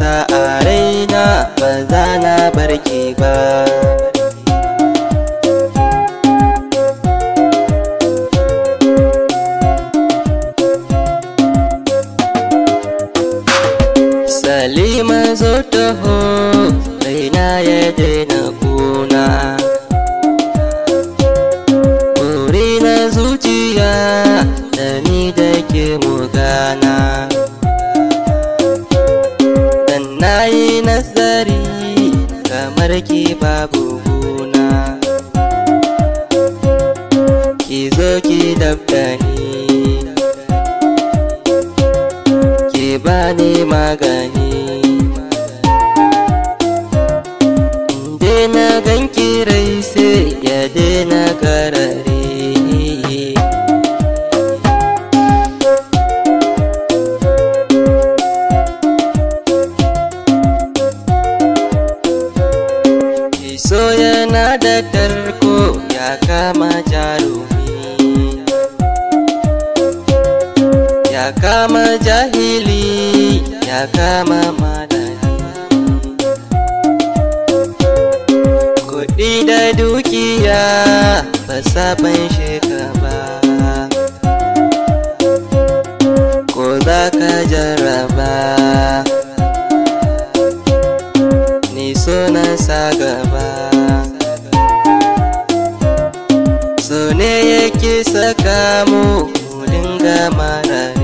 sa a raina ba za na barke ba Salima zo taho raina ya daina na yi nazari kamar ki babu guna ki zo ki dabdani ki bani magani inda na ganki kirai sai ya daina karare so yana da tarko ya kama jarumi ya kama jahili ya kama madani kuɗi da dukiya ba sabon shekara ba ne yake saka mu dinga mara.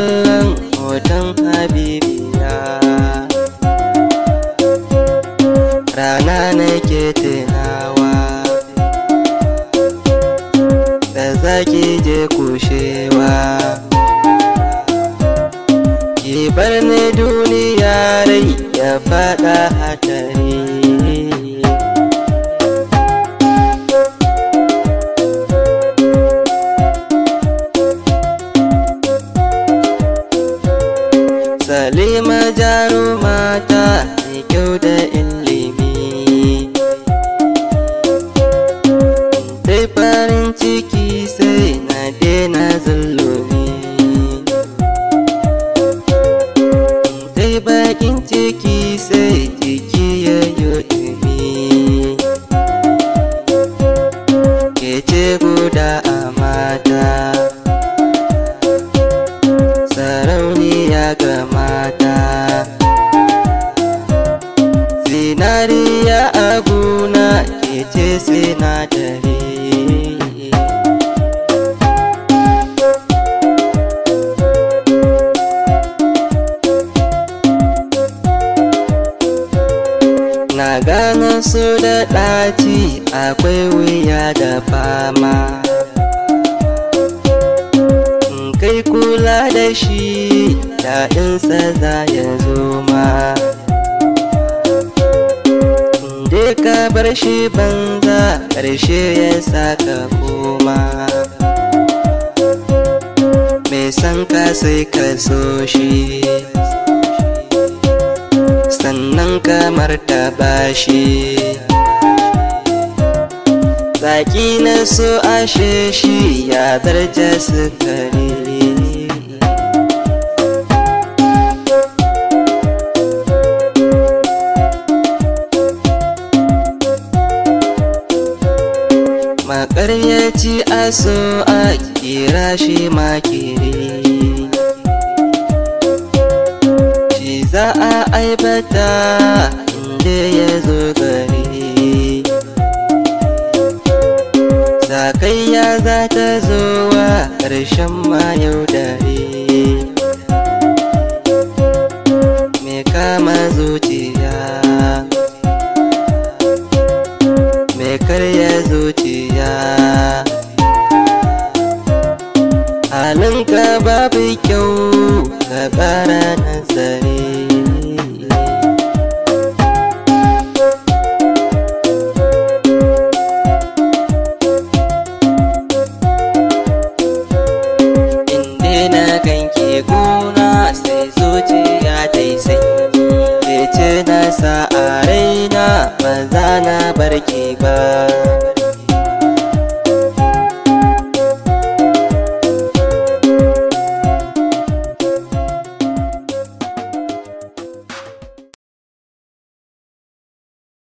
kallon hoton habibiya rana nake tunawa da zaki je kushewa ki bar ni duniya rai ya faɗa hatari a mata sarauniya ga mata zinariya a gona ke ce sinadari na ganin su da ɗaci akwai wuya da fama na da shi daɗinsa za ya zoma ma inda ka bar shi banza ƙarshe ya saka koma mai san ka sai ka so shi sannan kamar ta shi Zaki na so ashe shi ya bar suka ne ya ci a kira shi makiri shi za a aibata inda ya zo gari ya za ta zo wa ƙarshen ma dare mai kama zuciya zana barki